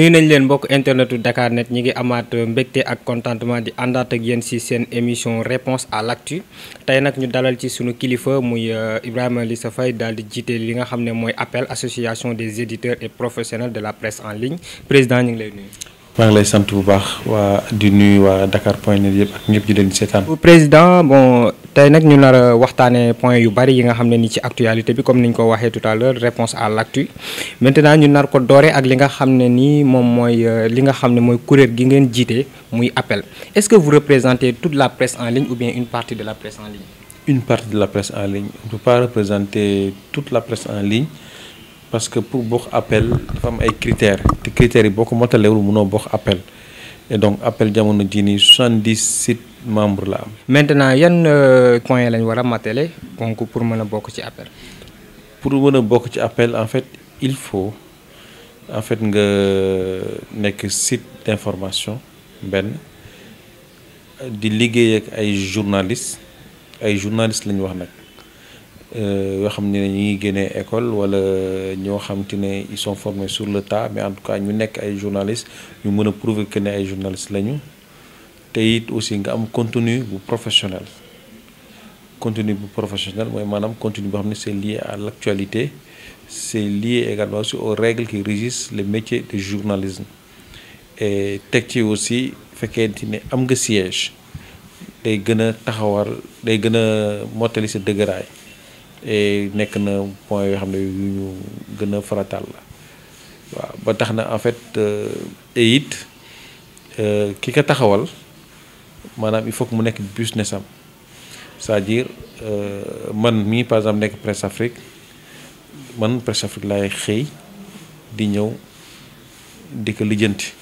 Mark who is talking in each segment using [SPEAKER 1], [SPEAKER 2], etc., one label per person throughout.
[SPEAKER 1] nuyu nañ leen mbokk internetu Dakar Net ñi ngi amaat mbégte ak contentement di àndaat ak yéen ci seen émission réponse à l'actu tey nag ñu dalal ci sunu kilifa muy euh, Ibrahima Lissa Faye daal di jiite li nga xam ne mooy appel association des éditeurs et professionnels de la presse en ligne président ñu ngi lay nuyu.
[SPEAKER 2] maa ngi lay sant bu baax waa di nuyu waa Dakar point net yëpp ak ñëpp di leen seetaan.
[SPEAKER 1] tey nag ñu nar waxtaanee point yu bari yi nga xam ne ni ci actualité bi comme niñ ko waxee tout à l'heure réponse à l'actu maintenant ñu nar ko doore ak li nga xam ne nii moom mooy euh, li nga xam ne mooy kuréel gi ngeen jiite muy appel est-ce que vous représentez toute la presse en ligne ou bien une partie de la presse en ligne
[SPEAKER 2] une partie de la presse en ligne on ne peut pas représenter toute parce que pour bokk appel dafa am ay critères te critères yi boo ko motalewul mënoo bokk appel et donc appel jamono jii ni soixante-dix-sept membre la am.
[SPEAKER 1] maintenant yan points euh, lañ war a matale donc
[SPEAKER 2] pour mën a bokk ci appel. pour mën a bokk ci appel en fait il faut en fait nga nekk site d'information benn di liggéey ak ay journalistes ay journalistes lañ wax nag. Euh, yoo xam ne ñu ngi génnee école wala ñoo xam te ne ils sont formés sur le tas mais en tout cas ñu nekk ay journalistes ñu mën a prouver que ne ay journalistes lañu te it aussi nga am contenu bu professionnel continue bu professionnel mooy maanaam continue boo xam ne c'est lié à l'actualité c'est lié également aussi au règles qui régissent le métier de journalisme et teg ci aussi fekkente ne am nga siège day gën a taxawal day gën a mottali sa dëgëraay nekk na point yoo xam ne yu ñu gën a faratal la waaw ba tax na en fait euh, et it euh, ki ko taxawal maanaam il faut mu nekk business am c'est-à-dire euh, man mii par exemple nekk Presse Afrique man Presse Afrique laay xëy di ñëw di ko lijjanti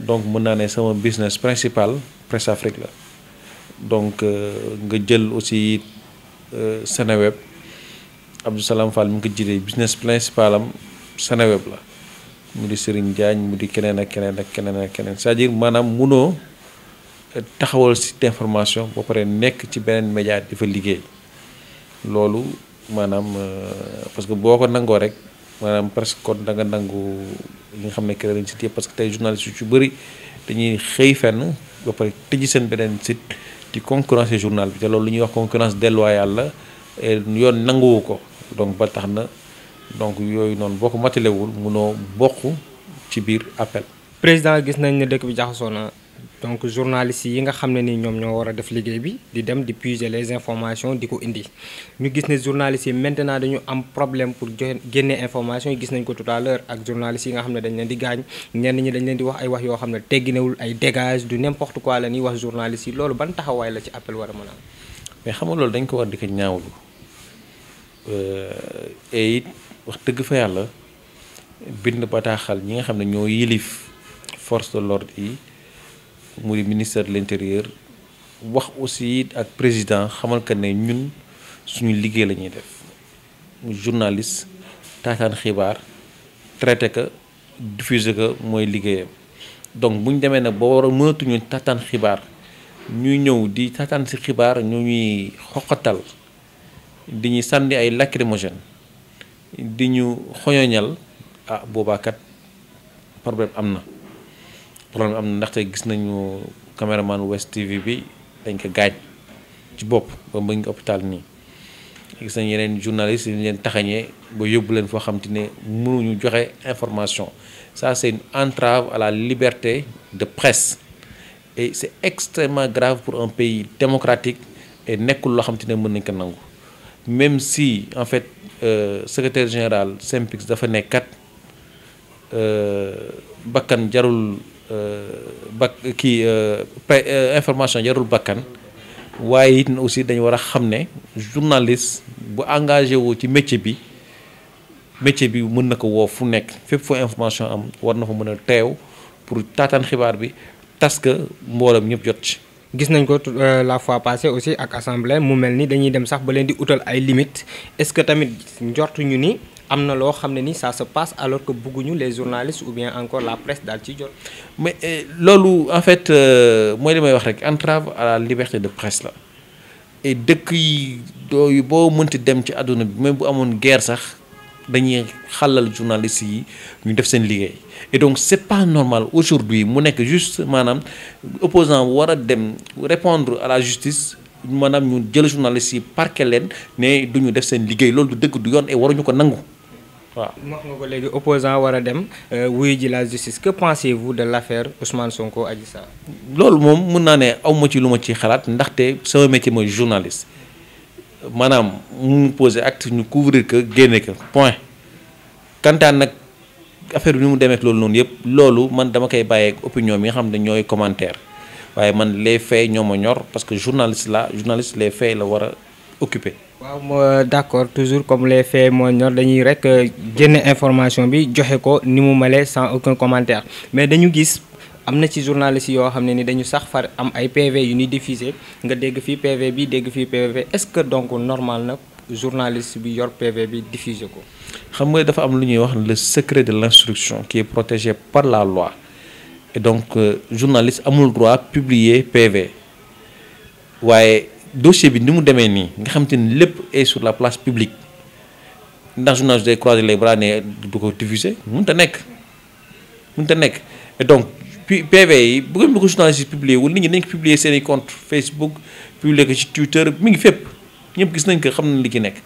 [SPEAKER 2] donc mën naa ne sama business principal Presse Afrique la donc nga jël aussi Seneweb Abdou Salam Fall mi ngi ko jiite business principal am Seneweb la mu di Serigne Diagne mu di keneen ak keneen ak keneen ak keneen c'est-à-dire maanaam munoo taxawal site information boo paree nekk ci beneen média di fa liggéey loolu maanaam euh, parce que boo ko nangoo rek maanaam presque kon da nga nangu li nga xam ne créé nañ site parce que tey journaliste yu ci bëri dañuy xëy fenn ba pare tëj seen beneen site di concurrence journal bi te loolu lu ñuy wax concurrence déloyale la yoon nanguwu ko. donc ba tax na donc yooyu noonu boo ko matalewul munoo bokk ci biir appel.
[SPEAKER 1] président gis nañ ne dëkk bi jaxasoo na donc journalistes yi nga xam ne ni ñoom ñoo war a def liggéey bi di dem di puiser les informations di ko indi ñu gis ne journalistes yi maintenant dañu am problème pour génne information yi gis nañ ko tout à l'heure ak journalistes yi nga xam ne dañ leen di gaañ ñenn ñi dañ leen di wax ay wax yoo xam ne tegginewul ay dégage du n'importe quoi la ñuy wax journalistes yi loolu ban appel war a mën a am
[SPEAKER 2] mais xam nga loolu dañ ko war et eh, eh, it wax dëgg fa yàlla bind bataaxal ñi nga xam ne ñoo yilif force de yi muy di ministère de l'intérieur wax aussi it ak président xamal que ne ñun suñu liggéey la ñuy def journaliste taataan xibaar traité ko diffusé ko mooy liggéeyam donc bu ñu demee nag ba war a mënatuñu taataan xibaar ñuy ñëw di taataan si xibaar ñu ñuy xoqatal di ñu sànni ay lacrymogène di ñu xoñoñal ah boobakat problème am na problème am na ndaxte gis nañu caméraman West TV bi dañ ko gaañ ci bopp ba mu ngi hôpital nii gis nañ yeneen journaliste yi ñu leen taxañee ba yóbbu leen foo xam te ne ñu joxe information ça c'est une entrave à la liberté de presse et c'est extrêmement grave pour un pays démocratique et nekkul loo xam te ne mën nañ ko nangu même si en fait euh, secrétaire général Synpics dafa nekkat kat euh, bakkan jarul euh, bak kii euh, information jarul bakkan waaye it aussi dañu war a xam ne journaliste bu engagé woo ci métier bi métier bi mën na ko woo fu nekk fépp foo information am war na fa mën a teew pour taataan xibaar bi tas ka mboolam ñëpp
[SPEAKER 1] jot ci. gis nañ ko euh, la fois passée aussi ak assemblée mu mel ni dañuy dem sax ba leen di utal ay limites est-ce que tamit njortu ñu ni am na loo xam ne ni ça se passe alors que bëgguñu les journalistes ou bien encore la presse daal ci jot.
[SPEAKER 2] mais euh, loolu en fait euh, mooy li may wax rek entrave à la liberté de presse la et dëkk yi dooyu boo mënti dem ci àdduna bi même bu amoon guerre sax. dañuy xàllal journaliste yi ñu def seen liggéey et donc c' est pas normal aujourd'hui mu nekk juste maanaam opposant war a dem répondre à la justice maanaam ñu jël journaliste yi parqué leen ne du ñu def seen liggéey loolu du dëgg du yoon et waruñu ko nangu
[SPEAKER 1] waaw wax léegi opposant war a dem euh, wuy ji la justice que pensez-vous de l' affaire Ousmane Sonko Adji Sarr
[SPEAKER 2] loolu moom mun naa ne awma ci lu ma ci xalaat ndaxte sama métier mooy journaliste maanaam mu poser acte ñu couvrir que génne ko point kantaan nag affaire bi ni mu demee ak loolu noonu yëpp loolu man dama koy bàyyeeg opinion bi nga xam ne ñooy commentaire waaye man les faits ñoo ma ñor parce que journaliste la journaliste lay faits la war a occuper.
[SPEAKER 1] waaw ma d'accord toujours comme les faits moo ñor dañuy rek euh, génne information bi joxe ko ni mu malee sans aucun commentaire mais dañu gis. am na ci journaliste yoo xam ne ni dañu sax far am ay PV yu ñuy diffusé nga dégg fi PV bi dégg fii PV est-ce que donc normal na journaliste bi yor PV bi diffusé ko.
[SPEAKER 2] xam nga dafa am lu ñuy wax le secret de l'instruction qui est protégé par la loi et donc euh, journaliste amul droit publier PV waaye dossier bi ni mu demee nii nga xam te ni lépp est sur la place publique ndax journaliste day croiser les bras ne du ko diffuser mënut a nekk mënut a nekk PV yi bu ngeen ko journaliste publier wul nit ñi nañ ko publier seen i compte Facebook publier ko ci Twitter mi ngi fépp ñëpp gis nañ ko xam na li ci nekk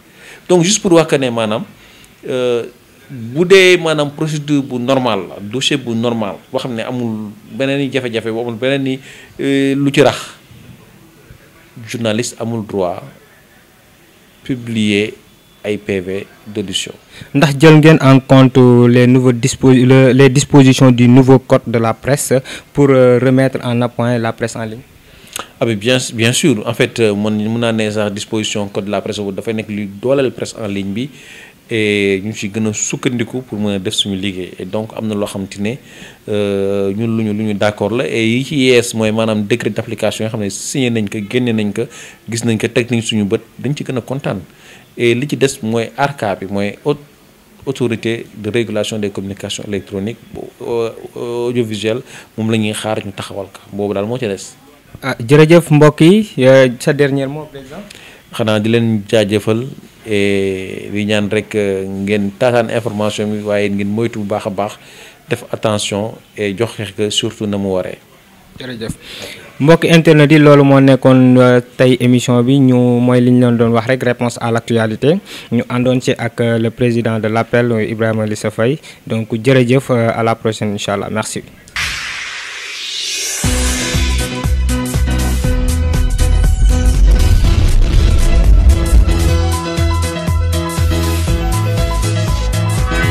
[SPEAKER 2] donc juste pour wax que ne maanaam euh, bu dee maanaam procédure bu normal la dossier bu normal boo xam ne amul beneen i jafe-jafe bu amul beneen i euh, lu ci rax journaliste amul droit publier. ay PV d'audition.
[SPEAKER 1] ndax jël ngeen en compte les nouveaux dispo les dispositions du nouveau code de la presse pour euh, remettre en appoint la presse en ligne.
[SPEAKER 2] ah bi bien bien sûr en fait euh, man mën naa ne sax disposition code de la presse boobu dafay nekk luy dooleel presse en ligne bi et ñu ci gën a sukkandiku pour mën a def suñu liggéey et donc am na loo xam te ne euh, ñun lu ñu lu ñu d'accord la et yi ci yees mooy maanaam décret d'application yoo xam ne signé nañ ko génne nañ ko gis nañ ko teg nañ suñu bët dañ li ci des mooy ARCA bi mooy haute autorité de régulation des communications électroniques euh, audiovisuelle moom la ñuy xaar ñu taxawal ko boobu daal moo ci des.
[SPEAKER 1] ah jërëjëf mbokk yi
[SPEAKER 2] euh, sa dernier mot xanaa di leen jaajëfal di ñaan rek euh, ngeen taataan information bi waaye ngeen moytu bu baax a baax def attention jox xeex ko surtout na mu waree. jërëjëf.
[SPEAKER 1] mbokk internet yi loolu moo nekkoon euh, tey émission bi ñu mooy li ñu leen doon wax rek réponse à l'actualité ñu àndoon si ak euh, le président de l'appel Ibrahima sa Faye donc jërëjëf euh, à la prochaine incha allah merci